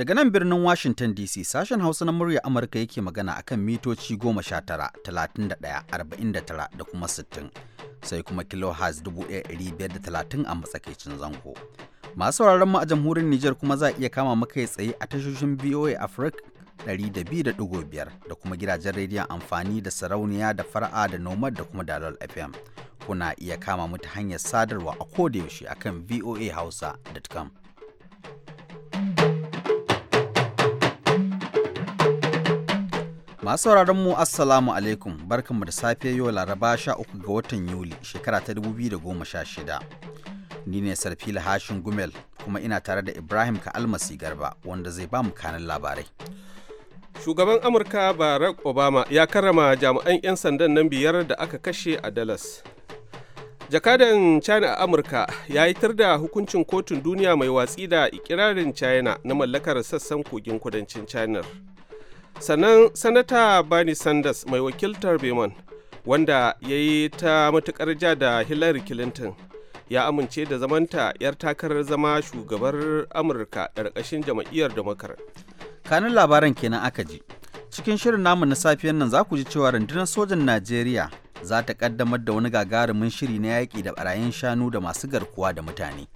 Daga nan birnin Washington DC sashen Hausa na murya Amurka yake magana akan mitoci 19,31,49 da kuma 60 sai kuma kilohertz 1530 a matsakaicin zango. Masu sauraron mu a jamhurin Nijar kuma za a iya kama maka tsaye a tashoshin BOA Africa 102.5 da kuma gidajen rediyon amfani da sarauniya da fara'a da nomad da kuma dalol FM. Kuna iya kama mu hanyar sadarwa a kodayaushe akan voahausa.com. Masu sauraron mu Assalamu alaikum barkanmu da safe yau Laraba 13 ga watan Yuli shekara ta 2016. Ni ne Sarfila Hashin Gumel kuma ina tare da Ibrahim Ka'almasi Garba wanda zai ba mu kanin labarai. Shugaban Amurka Barack Obama ya karrama jami'an 'yan sandan nan biyar da aka kashe a Dallas. Jakadan China a Amurka ya yi da hukuncin kotun duniya mai watsi da ikirarin China na mallakar sassan kogin kudancin China. sannan sanata bernie sanders mai wakiltar beman wanda ya yi ta matukar ja da hillary clinton ya amince da zamanta 'yar takarar zama shugabar amurka ƙarƙashin jam'iyyar damakar kanin labaran kenan aka ji cikin shirin namu na safiyan nan za ku ji cewa rundunar sojan najeriya za ta ƙaddamar da wani gagarumin shiri na yaƙi da barayin shanu da masu garkuwa da mutane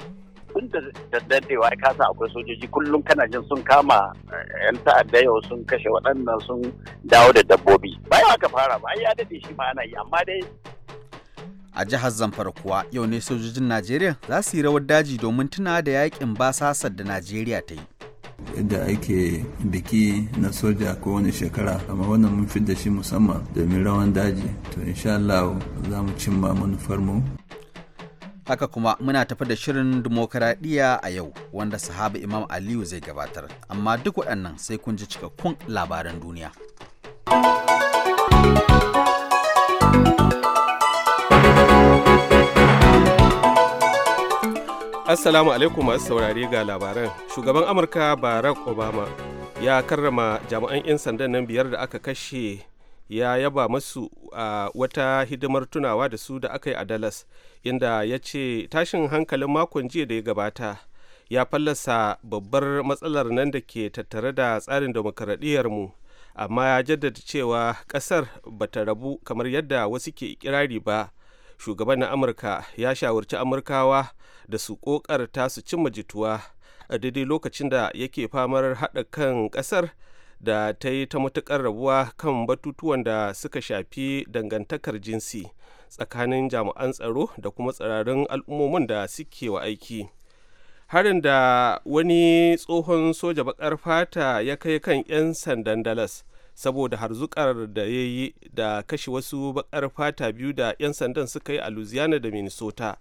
tun da dadewa ya kasa akwai sojoji kullum kana jin sun kama eh, yan ta'adda yau sun kashe waɗannan sun dawo da dabbobi bayan aka fara ba ya dade shi ma ana yi amma dai a jihar zamfara kuwa yau ne sojojin najeriya za su yi rawar daji domin tuna da yakin basasa da najeriya ta yi yadda ake biki na soja ko wani shekara amma wannan mun fi da shi musamman domin rawan daji to insha Allah za mu cimma manufarmu Haka kuma muna tafi da shirin dimokuraɗiyya a yau wanda sahaba Imam Aliyu zai gabatar. Amma duk waɗannan sai kun ji cikakkun labaran duniya. Assalamu alaikum masu saurare ga labaran. Shugaban Amurka Barack Obama ya karrama jami'an 'yan sandan nan biyar da aka kashe ya yaba masu a wata hidimar tunawa da su da aka yi a dallas inda ya ce tashin hankalin makon jiya da ya gabata ya fallasa babbar matsalar nan da ke tattare da tsarin mu amma ya jaddada cewa kasar ba ta rabu kamar yadda wasu ke ikirari ba shugaban na amurka ya shawarci amurkawa da su kokarta su cimma jituwa a daidai lokacin da yake famar haɗa kan ƙasar da ta yi ta matukar rabuwa kan batutuwan da suka shafi dangantakar jinsi tsakanin jami'an tsaro da kuma tsirarin al'ummomin da suke wa aiki harin da wani tsohon soja baƙar fata ya kai kan 'yan sandan dalas saboda harzukar da ya yi da kashe wasu baƙar fata biyu da 'yan sandan suka yi a louisiana da minnesota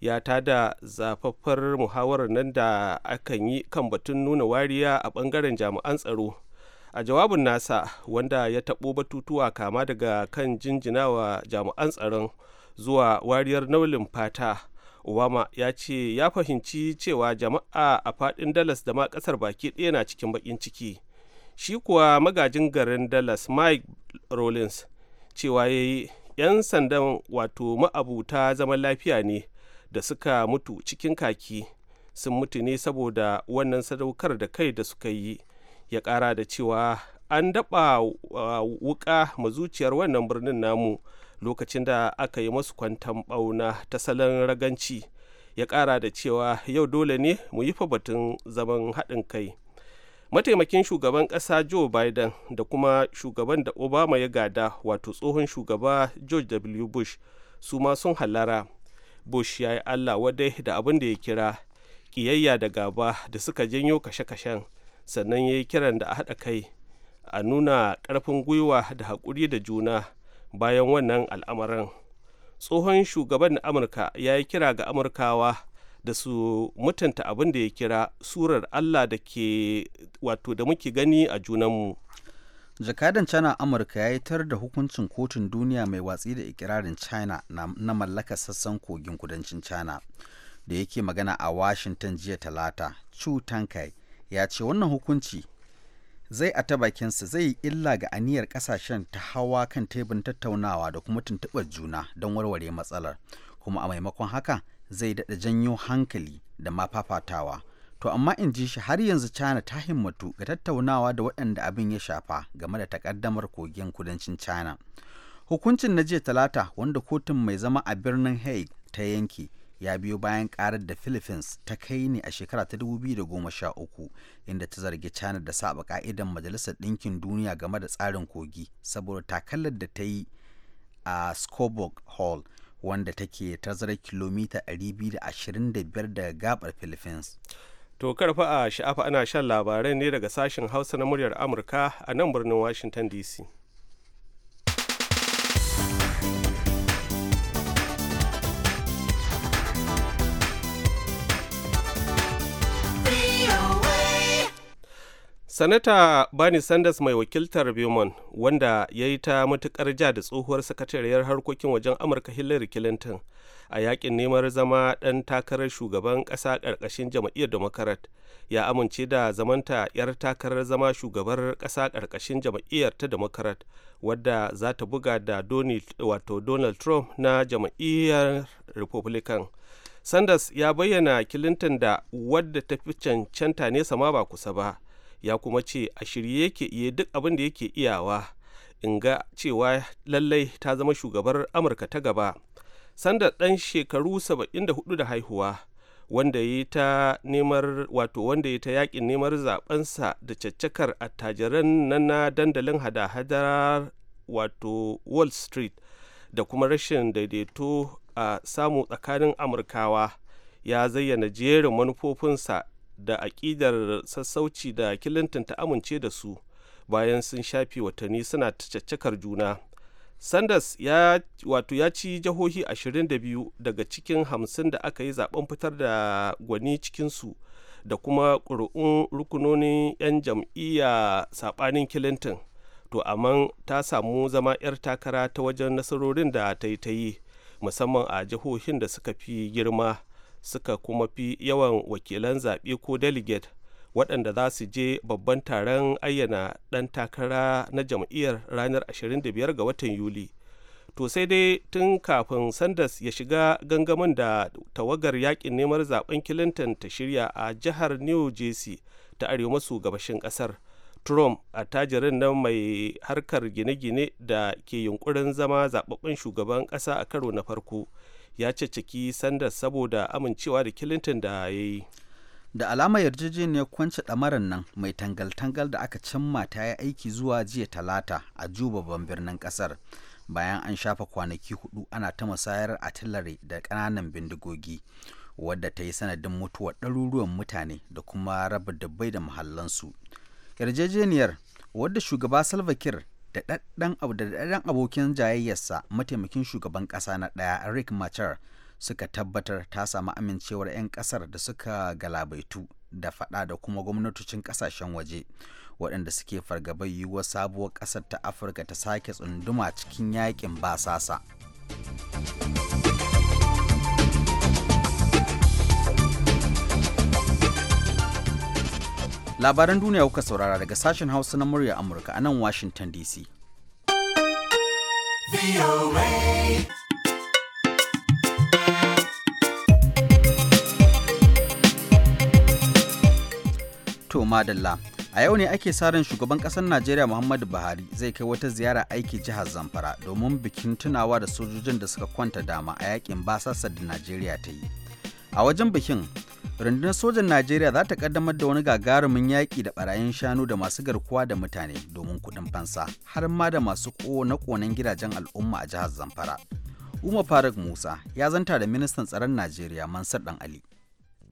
ya ta da zafaffar muhawarar nan da akan yi kan batun nuna wariya a bangaren jami'an tsaro a jawabin nasa wanda ya taɓo batutuwa kama daga kan jinjinawa jami'an tsaron zuwa wariyar naulin fata obama ya ce ya fahimci cewa jama'a a fadin dallas da ma kasar baki ɗaya na cikin baƙin ciki shi kuwa magajin garin dallas mike rollins cewa ya yi 'yan sandan wato ma'abuta zaman lafiya ne da suka mutu cikin kaki sun mutu ne saboda wannan sadaukar da kai da suka yi ya kara da cewa an daɓa wuka zuciyar wannan birnin namu lokacin da aka yi masu kwantan bauna ta salon raganci ya kara da cewa yau dole ne mu yi fa batun zaman haɗin kai mataimakin shugaban ƙasa joe biden da kuma shugaban da obama ya gada wato tsohon shugaba george w bush su ma sun hallara bush ya yi allah wadai da abin da ya kira ƙiyayya da gaba da suka janyo kashe-kashen sannan ya yi kiran da a haɗa kai a nuna ƙarfin gwiwa da haƙuri da juna bayan wannan al'amarin tsohon shugaban amurka ya yi kira ga amurkawa da su mutunta abin da ya kira surar allah da ke wato da muke gani a junanmu jakadan china amurka ya yi tar da hukuncin kotun duniya mai watsi da ikirarin china na mallaka sassan kogin kudancin china da yake magana a washington jiya talata chu tankai ya ce wannan hukunci zai a ta bakinsa zai yi illa ga aniyar kasashen ta hawa kan teburin tattaunawa da kuma tuntuɓar juna don warware matsalar kuma a maimakon haka zai daɗa janyo hankali da ma fafatawa to amma in ji shi har yanzu china ta himmatu ga tattaunawa da waɗanda abin ya shafa game da takaddamar kogin kudancin china hukuncin na jiya talata wanda kotun mai zama a birnin hague ta yanke ya biyo bayan karar da philippines ta kai ne a shekara ta 2013 inda ta zargi china da saba ka'idan majalisar ɗinkin duniya game da tsarin kogi saboda takalar da ta yi a scoburg hall wanda take tazarar kilomita 225 daga gabar philippines to karfa a sha'afa ana shan labarai ne daga sashen hausa na muryar amurka a nan birnin washington dc sanata bernie sanders mai wakiltar vermont wanda ya yi ta matukar ja da tsohuwar sakatariyar harkokin wajen amurka hillary clinton a yakin neman zama ɗan takarar shugaban ƙasa ƙarƙashin jam'iyyar democrat ya amince da zamanta 'yar takarar zama shugabar ƙasa ƙarƙashin jam'iyyar ta democrat wadda za ta buga da donald trump na jam'iyyar republican sanders ya bayyana clinton da wadda ta fi cancanta nesa ma ba kusa ba ya kuma ce a shirye yake iya duk abin da yake iyawa in ga cewa lallai ta zama shugabar amurka ta gaba sanda ɗan shekaru 74 da haihuwa wanda ya ta nemar wato wanda ya ta yakin nemar zabensa da caccakar attajiran nan na dandalin hada-hadar wato wall street da kuma rashin daidaito a samu tsakanin amurkawa ya zayyana jerin manufofinsa da aƙidar sassauci da clinton ta amince da su bayan sun shafe watanni suna caccakar juna sanders ya wato ya ci jihohi 22 daga cikin hamsin da aka yi zaben fitar da gwani cikinsu da kuma ƙuri'un rukunonin 'yan jam'iyya saɓanin clinton to amma ta samu zama 'yar takara ta wajen nasarorin da ta yi ta yi musamman a jihohin da suka fi girma suka kuma fi yawan wakilan zaɓe ko delegate waɗanda za su je babban taron ayyana ɗan takara na jam'iyyar ranar 25 ga watan yuli to sai dai tun kafin sanders ya shiga gangamin da tawagar yakin neman zaɓen clinton ta shirya a jihar new jersey ta arewa maso gabashin ƙasar trump a tajirin nan mai harkar gine-gine da ke yunkurin zama zaɓaɓɓen shugaban ƙasa a karo na farko ya caccaki sanders saboda amincewa da clinton da ya yi da alama yarjejeniyar kwance ɗamarar nan mai tangal-tangal da aka cimma ta yi aiki zuwa jiya talata a juba babban birnin ƙasar bayan an shafa kwanaki hudu ana ta musayar artillery da ƙananan bindigogi wadda ta yi sanadin mutuwar ɗaruruwan mutane da kuma raba dubbai da muhallansu yarjejeniyar wadda shugaba salva da ɗaɗɗan abokin jayayyarsa mataimakin shugaban ƙasa na ɗaya rick machar suka tabbatar ta samu amincewar 'yan ƙasar da suka galabaitu da faɗa da kuma gwamnatocin ƙasashen waje waɗanda suke fargabar yiwuwar sabuwar ƙasar ta afirka ta sake tsunduma cikin yaƙin basasa. labaran duniya kuka saurara daga sashen hausa na murya amurka a nan washington dc to madalla a yau ne ake sa ran shugaban kasar najeriya muhammadu buhari zai kai wata ziyara aiki jihar zamfara domin bikin tunawa da sojojin da suka kwanta dama a yakin basasar da najeriya ta yi a wajen bikin rundunar sojan najeriya za ta kaddamar da wani gagarumin yaƙi da barayin shanu da masu garkuwa da mutane domin kuɗin fansa har ma da masu kone konan gidajen al'umma a jihar zamfara umar faruk musa ya zanta da ministan tsaron najeriya mansar dan ali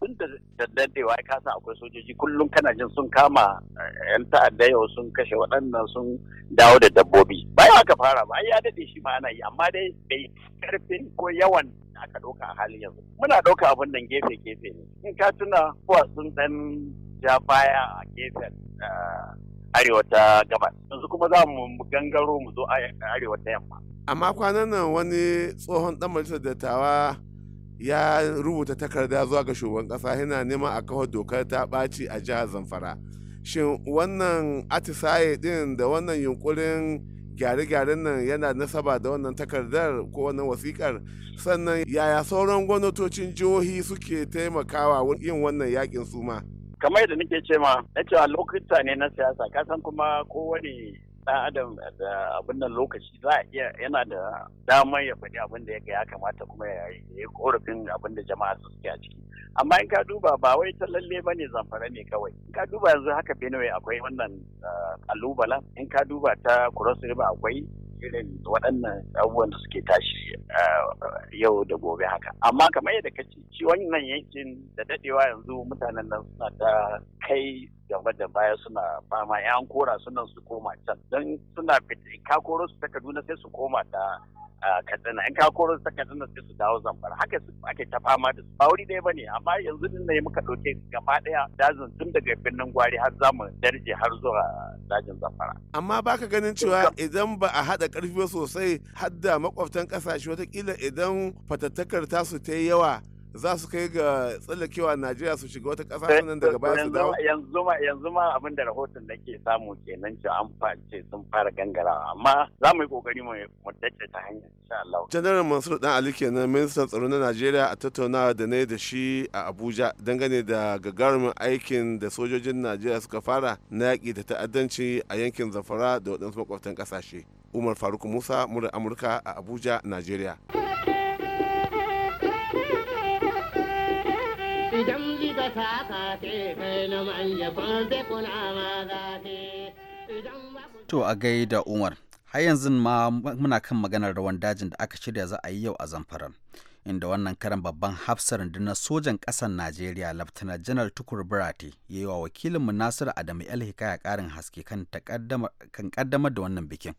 tun da daddadewa ya kasa akwai sojoji kullum kana jin sun kama eh, yan ta'adda yau sun kashe waɗannan sun dawo da dabbobi bayan aka fara ba ya daɗe shi ma ana yi amma dai bai karfin ko yawan da aka ɗauka a halin yanzu muna ɗauka abin nan gefe gefe ne in ka tuna kuwa sun ɗan ja baya a gefen eh, arewa ta gabas yanzu kuma za mu gangaro mu zo arewa ta yamma amma kwanan nan wani tsohon dan majalisar dattawa ya rubuta takarda zuwa ga shugaban ƙasa, yana neman a kawo dokar ta ɓaci a jihar zamfara shin wannan atisaye ɗin da wannan yunkurin gyare-gyaren nan yana nasaba da wannan takardar ko wannan wasikar sannan yaya sauran gwamnatocin jihohi suke taimakawa yin wannan yakin suma kamar yadda nake ce ma na cewa lokuta ne na siyasa kasan kuma kowane ɗan adam da abin nan lokaci za a iya yana da damar ya faɗi abin da ya kamata kuma ya yi korafin abin da jama'a su suke a ciki amma in ka duba ba wai ta lalle ba ne zamfara ne kawai in ka duba yanzu haka benue akwai wannan eh, kalubala in ka duba ta cross river akwai irin waɗannan abubuwan da suke tashi eh, yau da gobe haka amma kamar yadda ka ce shi wannan yankin da dadewa yanzu mutanen nan suna ta kai gaba da baya suna fama yan kora sunan su koma can don suna in kakoro su ta kaduna sai su koma ta katsina in kakoro su ta kaduna sai su dawo zamfara haka ake ta fama da su ba wuri ɗaya bane amma yanzu din ne muka ɗauke gaba ɗaya dajin tun daga birnin gwari har zamu darje har zuwa dajin zamfara. amma baka ganin cewa idan ba a haɗa ƙarfi sosai hadda makwabtan ƙasashe watakila idan fatattakar tasu ta yi yawa za su kai ga tsallakewa Najeriya su shiga wata ƙasa nan daga baya su dawo? Yanzu ma yanzu ma abin da rahoton da ke samu kenan ce an face sun fara gangarawa amma za mu yi kokari mu mutace ta hanyar insha Allah. General Mansur Dan Ali kenan ministan tsaro na Najeriya a tattaunawa da ne da shi a Abuja dangane da gagarumin aikin da sojojin Najeriya suka fara na yaƙi da ta'addanci a yankin zafara da wadansu makwabtan ƙasashe. Umar Faruk Musa, Murar Amurka a Abuja, Najeriya. To a gaida Umar, har yanzu ma muna kan maganar rawan dajin da aka shirya za a yi yau a zamfaran inda wannan karan babban hafsar na sojan ƙasar Najeriya Laftana Janar Tukur Burate ya yi wa wakilinmu Nasiru Adamu El Hikaya ƙarin haske kan kaddamar da wannan bikin.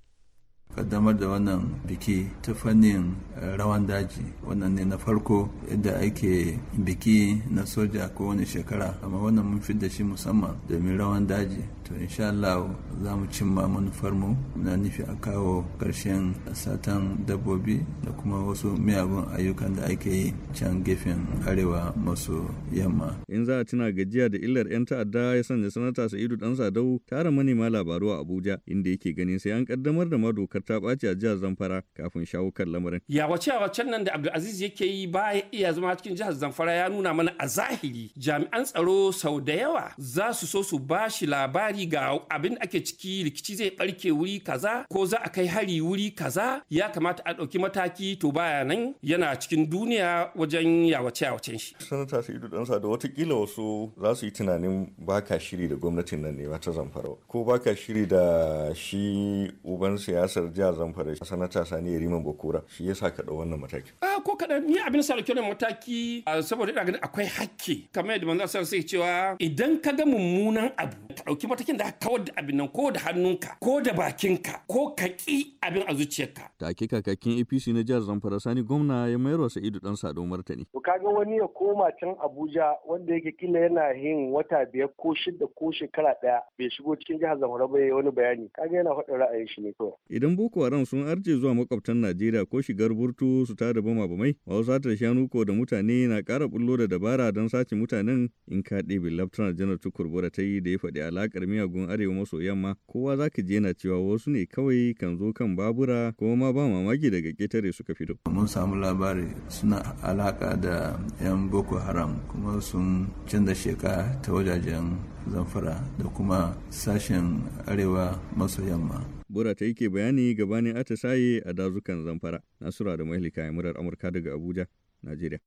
kaddamar da wannan biki ta fannin eh, rawan daji wannan ne na farko yadda ake biki na soja kowane shekara amma wannan mun fi da shi musamman domin rawan daji to insha Allah za mu cimma manufarmu na nufi a kawo ƙarshen satan dabbobi da kuma wasu miyagun ayyukan da ake yi can gefen arewa masu yamma in za a tuna gajiya da illar 'yan ta'adda ya sanya sanata sa'idu dan sadau tara manema labaru a abuja inda yake ganin sai an kaddamar da madokar ta ɓaci a jihar zamfara kafin shawo kan lamarin ya wace wacen nan da abdulaziz yake yi ba iya zama cikin jihar zamfara ya nuna mana a zahiri jami'an tsaro sau da yawa za su so su ba shi labari misali ga abin da ake ciki rikici zai barke wuri kaza ko za a kai hari wuri kaza ya kamata a ɗauki mataki to baya nan yana cikin duniya wajen yawace yawacen shi. sanata su ido ɗansa da watakila wasu za su yi tunanin baka shiri da gwamnatin nan ne wata zamfara ko baka shiri da shi uban siyasar jihar zamfara sanata sani riman bakura shi yasa ka ɗau wannan mataki. a ko kaɗan ni abin sa da mataki saboda ina ganin akwai hakki kamar yadda manzo sai cewa idan ka ga mummunan abu ka ɗauki mataki lokacin da aka kawar da abin nan ko da hannunka ko da bakinka ko ka ki abin a zuciyarka. Da ke kakakin APC na jihar Zamfara Sani gwamna ya mayar wa Sa'idu dan Sado martani. To kaga wani ya koma can Abuja wanda yake kila yana yin wata biyar ko shida ko shekara daya bai shigo cikin jihar Zamfara ba yayi wani bayani kaga yana faɗin ra'ayin shi ne kawai. Idan Boko Haram sun arce zuwa makwabtan Najeriya ko shigar burtu su ta da bama bamai wasu ta shanu ko da mutane na kara bullo da dabara don sace mutanen in ka ɗebe Laftanar Janar Tukur Bora ta yi da ya faɗi alaƙar miyagun arewa maso yamma kowa za ka je na cewa wasu ne kawai kan zo kan babura kuma ma ba mamaki daga ƙetare suka fito. Mun samu labari suna alaka da 'yan Boko Haram kuma sun canza sheka ta wajajen zamfara da kuma sashen arewa maso yamma. Bura ta yake bayani gabanin atisaye a dazukan zamfara. Nasura da mahalika ya murar Amurka daga Abuja, Najeriya.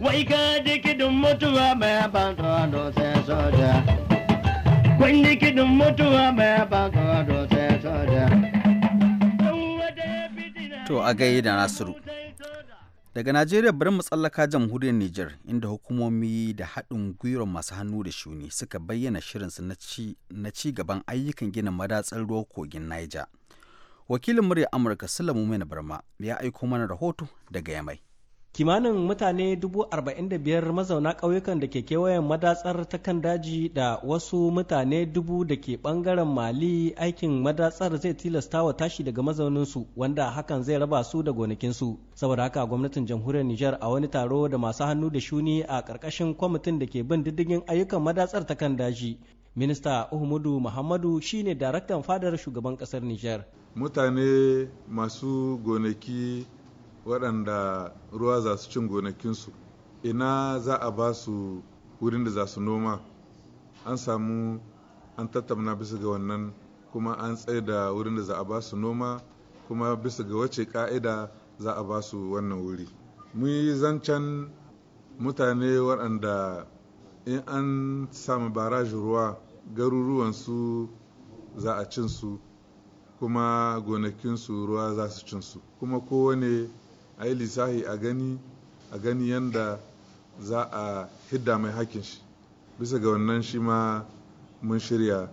Wai ka dikidin mutuwa mai ban tsoro sai soja. To a mutuwa da Nasiru. Daga Najeriya bari mu tsallaka jamhuriyar Nijar inda hukumomi da haɗin gwiwar masu hannu da shuni suka bayyana shirinsu na ci gaban ayyukan gina madatsar ruwa kogin Niger. Wakilin murya Amurka Sulamu Mena Barma ya aiko mana rahoto daga Yamai. kimanin mutane dubu arba'in da biyar mazauna ƙauyukan da ke kewayen madatsar ta kan daji da wasu mutane dubu da ke ɓangaren mali aikin madatsar zai tilasta wa tashi daga mazauninsu wanda hakan zai raba su da gonakinsu saboda haka gwamnatin jamhuriyar nijar a wani taro da masu hannu da shuni a ƙarƙashin kwamitin da ke bin diddigin ayyukan madatsar ta kan daji minista uhumudu muhammadu shine daraktan fadar shugaban ƙasar nijar mutane masu gonaki waɗanda ruwa za su cin gonakinsu ina za a ba su wurin da za su noma an samu an tattauna bisa ga wannan kuma an tsaye da wurin da za a ba su noma kuma bisa ga wace ka'ida za a ba su wannan wuri mu yi zancen mutane waɗanda in an samu barajin ruwa garuruwansu za a cinsu kuma gonakinsu ruwa za su cinsu kuma kowane a yi lissahi a gani a gani yadda za a hidda mai hakin shi bisa ga wannan shi ma mun shirya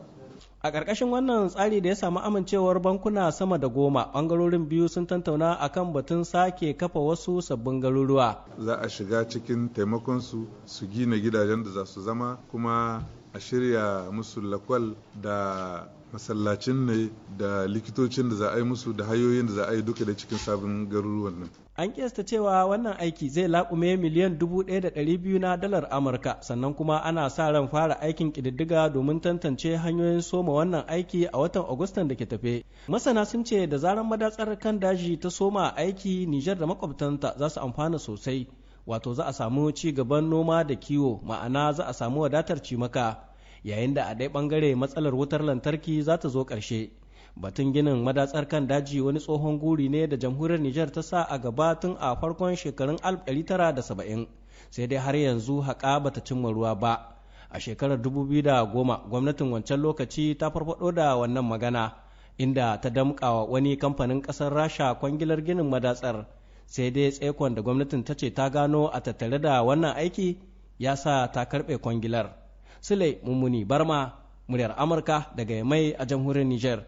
a ƙarƙashin wannan tsari da ya samu amincewar bankuna sama da goma ɓangarorin biyu sun tantauna a kan batun sake kafa wasu sabbin garuruwa za a shiga cikin taimakonsu su gina gidajen da za su zama kuma a shirya musu lakwal da masallacin ne da likitocin da za a yi musu da hayoyin da za a yi duka da cikin sabon garuruwan nan. An kiyasta cewa wannan aiki zai laƙume miliyan dubu ɗaya da ɗari biyu na dalar Amurka sannan kuma ana sa ran fara aikin ƙididdiga domin tantance hanyoyin soma wannan aiki a watan Agustan da ke tafe. Masana sun ce da zaran madatsar kan daji ta soma aiki Nijar da makwabtanta za su amfana sosai. Wato za a samu ci gaban noma da kiwo ma'ana za a samu wadatar cimaka. yayin da a ɗaya bangare matsalar wutar lantarki za ta zo karshe batun ginin madatsar kan daji wani tsohon guri ne da jamhuriyar nijar ta sa a gaba tun a farkon shekarun 1970 sai dai har yanzu haƙa bata cimma ruwa ba a shekarar 2010 gwamnatin wancan lokaci ta farfado da wannan magana inda ta damƙawa wani kamfanin ƙasar rasha kwangilar ginin madatsar sai dai tsaikon da gwamnatin ta ce ta gano a tattare da wannan aiki ya sa ta karɓe kwangilar Sule Mummuni Barma, muryar Amurka daga Yamai a jamhuriyar niger.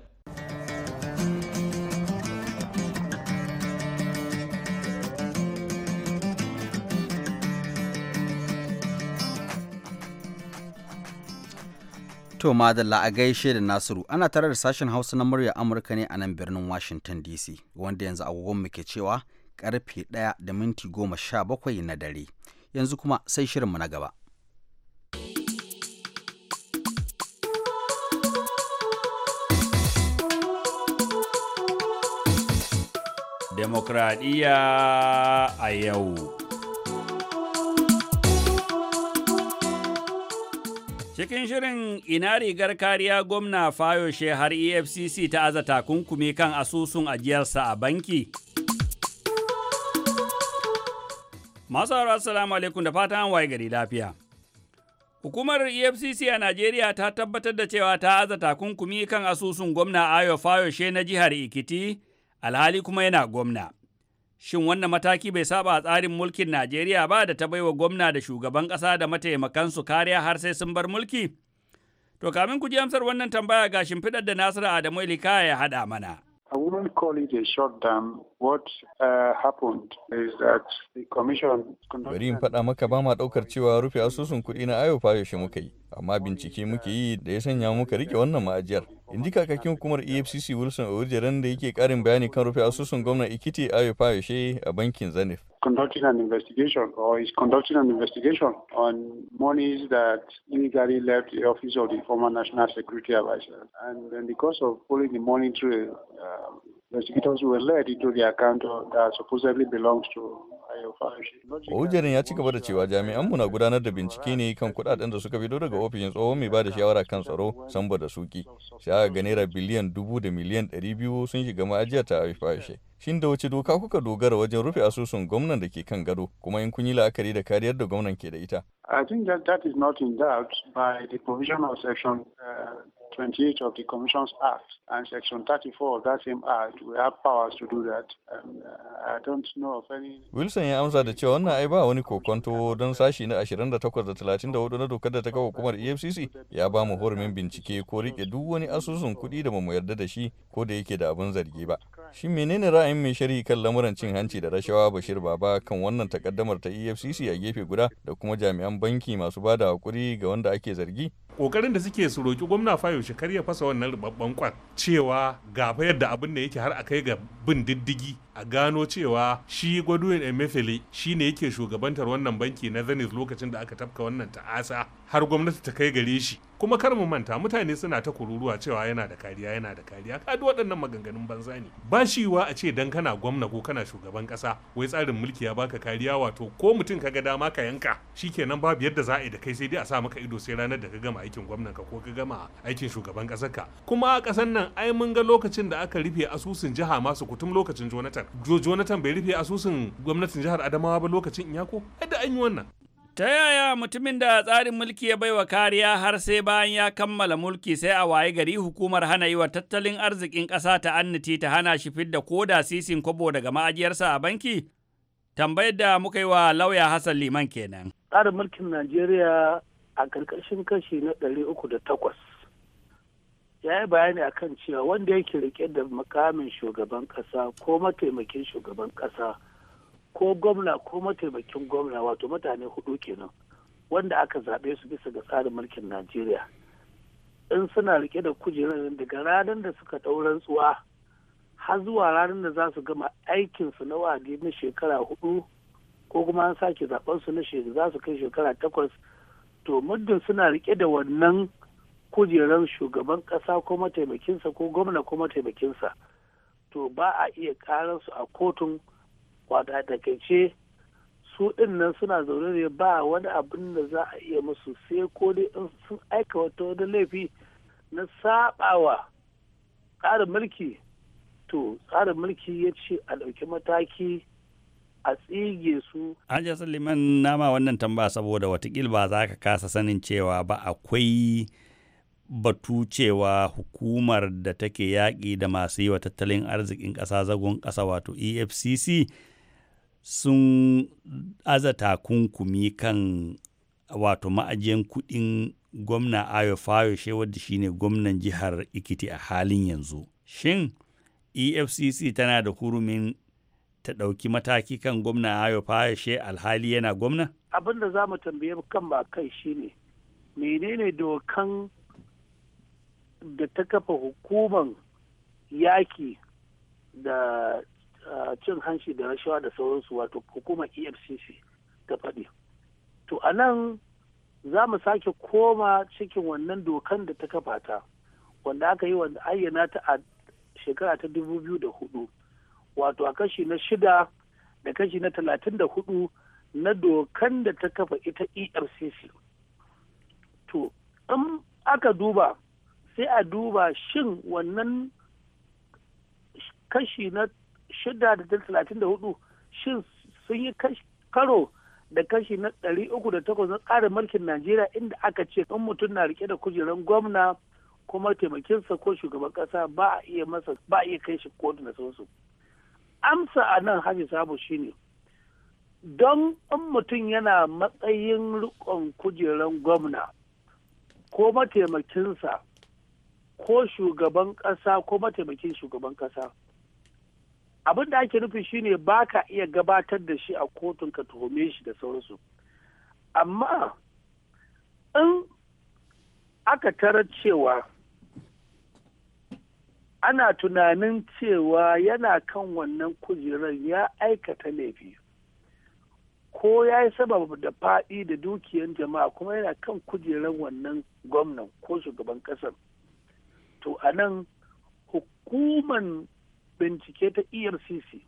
To madalla a gaishe da Nasiru ana tare da sashen Hausa na murya Amurka ne a nan birnin Washington DC wanda yanzu agogon ke cewa karfe 1 da minti 17 na dare. Yanzu kuma sai shirinmu na gaba. demokradiyya a yau. Cikin shirin ina rigar kariya gwamna fayoshe har EFCC ta aza takunkumi kan asusun ajiyarsa a banki. Masu haurar asalamu alaikum da fata an waye gari lafiya. Hukumar EFCC a Najeriya ta tabbatar da cewa ta aza takunkumi kan asusun gwamna Ayo Fayoshe na jihar Ikiti. alhali kuma yana gwamna. Shin wannan mataki bai saba a tsarin mulkin Najeriya ba da ta baiwa gwamna da shugaban ƙasa da mataimakansu kariya har sai sun bar mulki? To kamin ku ji amsar wannan tambaya ga shimfiɗar da Nasiru Adamu Ilikaya ya haɗa mana. I wouldn't call it a shutdown. What uh, is that the commission... Bari in faɗa maka ba ma ɗaukar cewa rufe asusun kuɗi na ayo fayo shi muka yi. amma bincike muke yi da ya sanya muka rike wannan ma'ajiyar in ji kakakin hukumar efcc wilson ojeren da yake karin bayani kan rufe asusun gwamnan ikiti ayo fayoshe a bankin zanif conducting an investigation or is conducting an investigation on monies that illegally left the office of the former national security advisor and in the course of following the money through uh, Ojerin ya ci gaba da cewa jami'an muna gudanar da bincike ne kan kudaden da suka fito daga ofishin tsohon mai bada shawara kan tsaro Samba da Suki. Sai ga naira biliyan dubu da miliyan ɗari biyu sun shiga ma'ajiyar ta Aifashe. Shin da wace doka kuka dogara wajen rufe asusun gwamnan da ke kan gado kuma in kun yi la'akari da kariyar da gwamnan ke da ita? I think is not in doubt by the provision section uh, 28 of the Commissions Act and Section 34 of that same Act, we have powers to do that. Um, I don't know of any... Wilson ya amsa da cewa wannan ai ba wani kokonto don sashi na 28 da 34 na dokar da ta kawo hukumar EFCC ya ba mu horumin bincike ko rike duk wani asusun kuɗi da mu yarda da shi ko da yake da abin zargi ba. Shin menene ra'ayin mai shari'i kan lamuran cin hanci da rashawa Bashir Baba kan wannan takaddamar ta EFCC a gefe guda da kuma jami'an banki masu ba da hakuri ga wanda ake zargi? kokarin da suke su roki gwamna fayo shekar kar ya fasa wannan rubabban kwan cewa ga fa yadda abin da yake har a kai ga bin diddigi a gano cewa shi emefele shi ne yake shugabantar wannan banki na Zenith lokacin da aka tafka wannan ta'asa har gwamnati ta kai gare shi kuma kar mu manta mutane suna ta kururuwa cewa yana da kariya yana da kariya ka duk waɗannan maganganun banza ne ba shi yiwa a ce dan kana gwamna ko kana shugaban ƙasa wai tsarin mulki ya baka kariya wato ko mutum ka ga dama ka yanka shikenan babu yadda za a yi da kai sai dai a sa maka ido sai ranar da ka gama aikin gwamnan ka ko ka gama aikin shugaban ƙasar ka kuma a ƙasar nan ai mun ga lokacin da aka rufe asusun jiha masu kutum lokacin Jonathan Jonathan bai rufe asusun gwamnatin jihar Adamawa ba lokacin Inyako ai da an yi wannan Ta yaya mutumin da tsarin mulki ya baiwa kariya har sai bayan ya kammala mulki sai a waye gari hukumar hana yi wa tattalin arzikin ƙasa ta annati ta hana shi fidda da sisin kwabo daga ma'ajiyarsa a banki? Tambayar da muka yi wa lauya Hassan Liman kenan. Tsarin mulkin Najeriya a ƙarƙashin kashi na ɗari uku da takwas. Ya yi bayani a kan cewa wanda yake riƙe da mukamin shugaban ƙasa ko mataimakin shugaban ƙasa. ko gwamna ko mataimakin gwamna wato mutane hudu kenan wanda aka zaɓe su bisa ga tsarin mulkin najeriya in suna rike da kujerar daga ranar da suka ɗau rantsuwa har zuwa ranar da za su gama aikinsu na wadi na shekara hudu ko kuma an sake zaɓensu na shekara za su kai shekara takwas to muddin suna rike da wannan kujerar shugaban ƙasa ko mataimakinsa ko gwamna ko mataimakinsa to ba a iya karansu a kotun wata takaice su nan suna zaune ne ba wani abin da za a iya musu sai ko dai in sun aika wata wani laifi na sabawa tsarin mulki to tsarin mulki ya ce a ɗauki mataki a tsige su. Hajiya Suleiman nama wannan tambaya saboda watakil ba za ka kasa sanin cewa ba akwai batu cewa hukumar da take yaƙi da masu yi wa tattalin arzikin ƙasa zagon ƙasa wato EFCC sun aza takunkumi kan wato ma'ajiyan kuɗin gwamna ayo fayo she wadda ne gwamnan jihar ikiti a halin yanzu shin efcc tana da hurumin ta ɗauki mataki kan gwamna ayo fayo she alhali yana gwamna abin da za mu tambaye kan ba kai shine menene dokan da ta kafa hukuman yaki da Uh, cin hanshi da rashawa da sauransu wato hukumar efcc ta faɗi to a nan za mu sake koma cikin wannan dokan da ta kafa ta wanda aka yi wanda ayyana ta a shekara ta dubu biyu da hudu wato a kashi na shida da kashi na talatin da hudu na dokan da ta kafa ita efcc to in aka duba sai a duba shin wannan kashi na shida da talatin da hudu shin sun yi karo da kashi na ɗari uku da takwas na tsarin mulkin najeriya inda aka ce in mutum na rike da kujerar gwamna kuma taimakinsa ko shugaban ƙasa ba a iya masa ba a iya kai shi kotu da sauransu amsa a nan hajji shi shine don in mutum yana matsayin riƙon kujerar gwamna ko mataimakinsa ko shugaban ƙasa ko mataimakin shugaban ƙasa abin da ake nufi shine ba ka iya gabatar da shi a kotun ka tuhume shi da sauransu amma in aka tarar cewa ana tunanin cewa yana kan wannan kujerar ya aikata laifi ko ya yi sababa da faɗi da dukiyar jama'a kuma yana kan kujerar wannan gwamnan ko shugaban ƙasar to anan nan hukuman bincike ta ERCC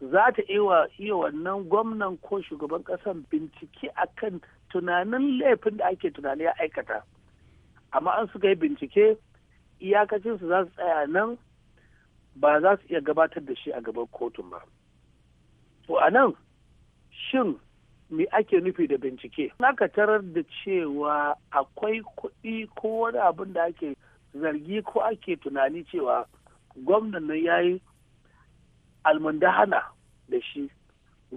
za ta iya wannan gwamnan ko shugaban ƙasan bincike akan tunanin laifin da ake tunani ya aikata amma an suka yi bincike iyakacinsu za su tsaya nan ba za su iya gabatar da shi a gaban kotun ba to a nan shin me ake nufi da bincike aka tarar da cewa akwai kuɗi ko wani abin da ake zargi ko ake tunani cewa gwamnan nan ya yi almundahana da shi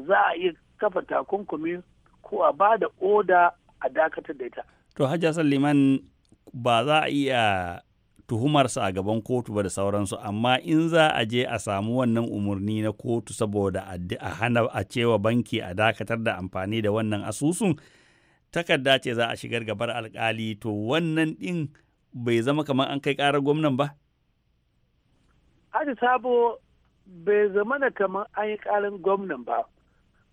za a iya kafa takunkumi ko a ba da oda a dakatar da ita. To Hajji Liman ba za a iya tuhumarsa a gaban kotu ba da sauransu amma in za a je a samu wannan umarni na kotu saboda a hana a cewa banki a dakatar da amfani da wannan asusun takarda ce za a shigar gabar alkali to wannan din bai zama kamar an kai karar gwamnan ba Haji Sabo bai zama da kamar an yi ƙarin gwamnan ba,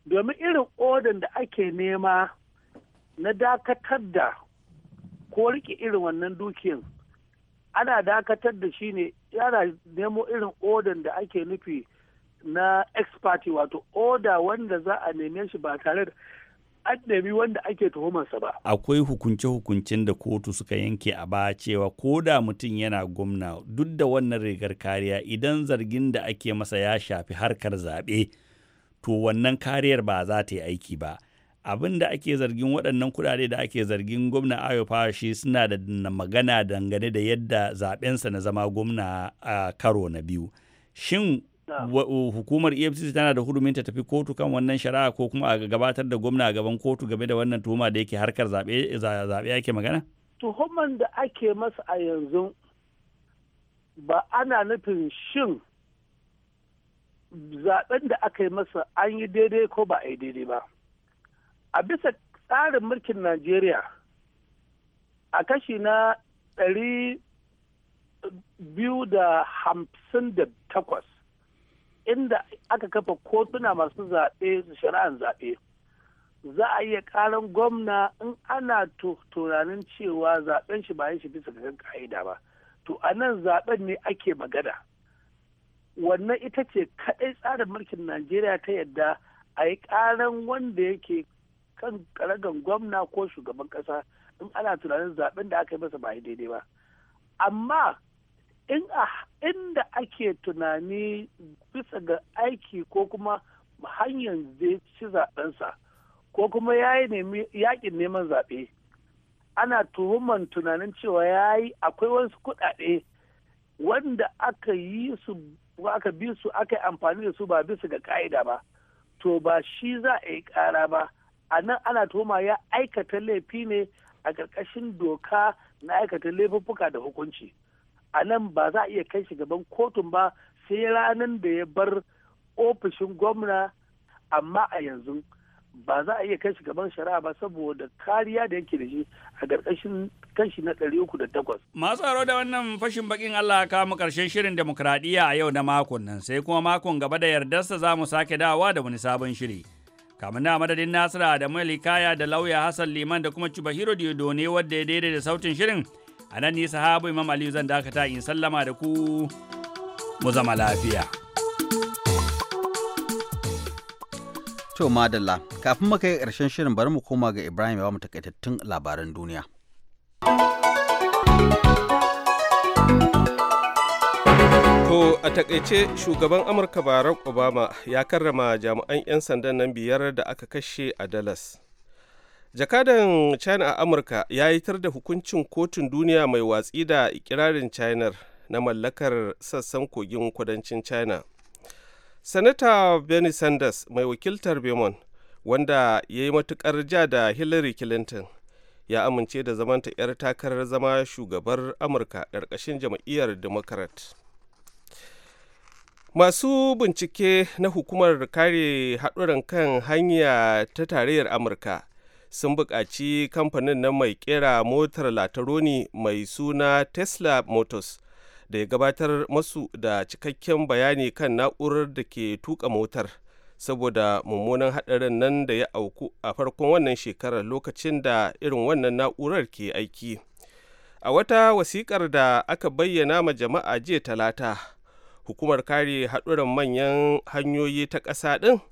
domin irin odan da ake nema na dakatar da ko rike irin wannan dukiyan ana dakatar da shi ne yana nemo irin odin da ake nufi na ex party wato oda wanda za a neme shi ba tare da an nemi wanda ake tuhumarsa ba. Akwai hukunce-hukuncen da kotu suka yanke a ba cewa ko da mutum yana gwamna duk da wannan rigar kariya idan zargin da ake masa ya shafi harkar zaɓe to wannan kariyar ba za ta yi aiki ba. Abin da ake zargin waɗannan kuɗaɗe da ake zargin gwamna Ayo Fashi suna da magana dangane da yadda zaɓensa na zama gwamna a karo na biyu. Shin Uh, hukumar efcc tana da hudumin ta tafi kotu kan wannan shari'a ko kuma a gabatar da gwamna a gaban kotu game da wannan tuhuma da yake harkar zaɓe ake magana tuhuman da ake masa a yanzu ba ana nufin shin zaɓen da aka yi masa an yi daidai ko ba a yi daidai ba a bisa tsarin mulkin najeriya a kashi na ɗari biyu da hamsin da takwas inda aka kafa kotuna masu zaɓe su shari'an zaɓe za a iya ƙaran gwamna in ana tunanin cewa zaɓen shi bayan shi bisa ga ka'ida ba to a nan zaɓen ne ake magana wannan ita ce kaɗai tsarin mulkin najeriya ta yadda a yi ƙaran wanda yake kan karagan gwamna ko shugaban ƙasa in ana tunanin zaɓen da aka yi masa ba daidai ba amma in a inda ake tunani bisa ga aiki ko kuma hanyar zai ci zaɓensa ko kuma yaƙin neman zaɓe ana tuhuman tunanin cewa ya yi akwai wasu kuɗaɗe wanda aka yi su aka bi su aka yi amfani da su ba bisa ga ƙa'ida ba to ba shi za a yi ƙara ba a nan ana tuhuma ya aikata laifi ne a ƙarƙashin doka na aikata laifuffuka da hukunci a nan ba za a iya kai shi gaban kotun ba sai ranar da ya bar ofishin gwamna amma a yanzu ba za a iya kai shi gaban shari'a ba saboda kariya da yake da shi a ƙarƙashin kashi na ɗari uku da takwas. Masu aro da wannan fashin bakin Allah ka mu ƙarshen shirin demokradiyya a yau na makon nan sai kuma makon gaba da yardarsa za mu sake dawa da wani sabon shiri. Kamin na madadin Nasira da Malikaya da lauya Hassan Liman da kuma Cuba Hiro ne wadda ya daidai da sautin shirin a nan ne sahabu imam aliyu zan dakata in sallama da ku mu zama lafiya to madalla kafin mu kai ƙarshen shirin bari mu koma ga ibrahim ya ba mu takaitattun labaran duniya To a takaice shugaban Amurka Barack Obama ya karrama jami'an 'yan sandan nan biyar da aka kashe a Dallas. jakadan china a amurka ya yitar da hukuncin kotun duniya mai watsi da ikirarin china na mallakar sassan kogin kudancin china sanata bernie sanders mai wakiltar vermont wanda ya yi matukar ja da hillary clinton ya amince da zamanta 'yar takarar zama shugabar amurka ƙarƙashin jam'iyyar democrat masu bincike na hukumar kare haɗuran kan hanya ta tarayyar amurka sun buƙaci kamfanin na mai ƙera motar lataroni mai suna tesla motors da ya gabatar masu da cikakken bayani kan na'urar da ke tuka motar saboda mummunan haɗarin nan da ya auku a farkon wannan shekarar lokacin da irin wannan na'urar ke aiki a wata wasiƙar da aka bayyana ma jama'a jiya talata hukumar kare haɗuran manyan hanyoyi ta ƙasa ɗin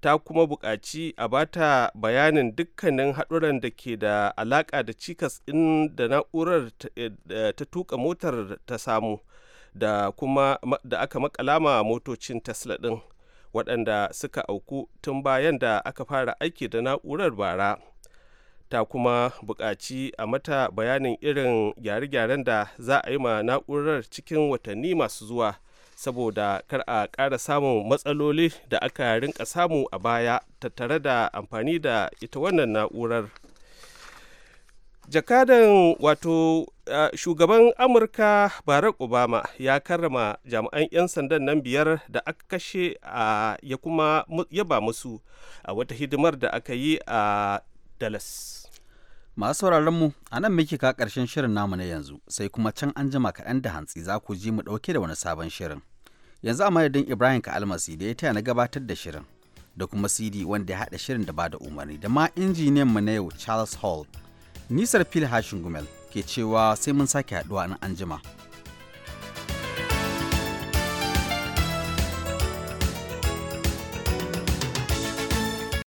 ta kuma buƙaci a bata bayanin dukkanin haɗuran da ke da alaƙa da cikas ɗin da na'urar ta eh, tuka motar ta samu da kuma da aka makalama motocin tesla ɗin waɗanda suka auku tun bayan da aka fara aiki da na'urar bara ta kuma buƙaci a mata bayanin irin gyare-gyaren da za a yi ma na'urar cikin watanni masu zuwa saboda kar a ƙara samun matsaloli da aka rinka samu a baya tattare da amfani da ita wannan na'urar jakadan wato uh, shugaban amurka barack obama ya karrama jami'an 'yan sandan nan biyar da aka kashe uh, ya kuma yaba musu a uh, wata hidimar da aka yi a dallas Masu sauraron mu a nan muke ka ƙarshen shirin namu na yanzu sai kuma can an jima kaɗan da hantsi za ku ji mu ɗauke da wani sabon shirin. Yanzu a madadin Ibrahim ka almasi da ya taya na gabatar da shirin da kuma CD wanda ya haɗa shirin da ba da umarni da ma injiniyan mu na yau Charles Hall. Nisar Phil Hashin Gumel ke cewa sai mun sake haɗuwa nan an jima.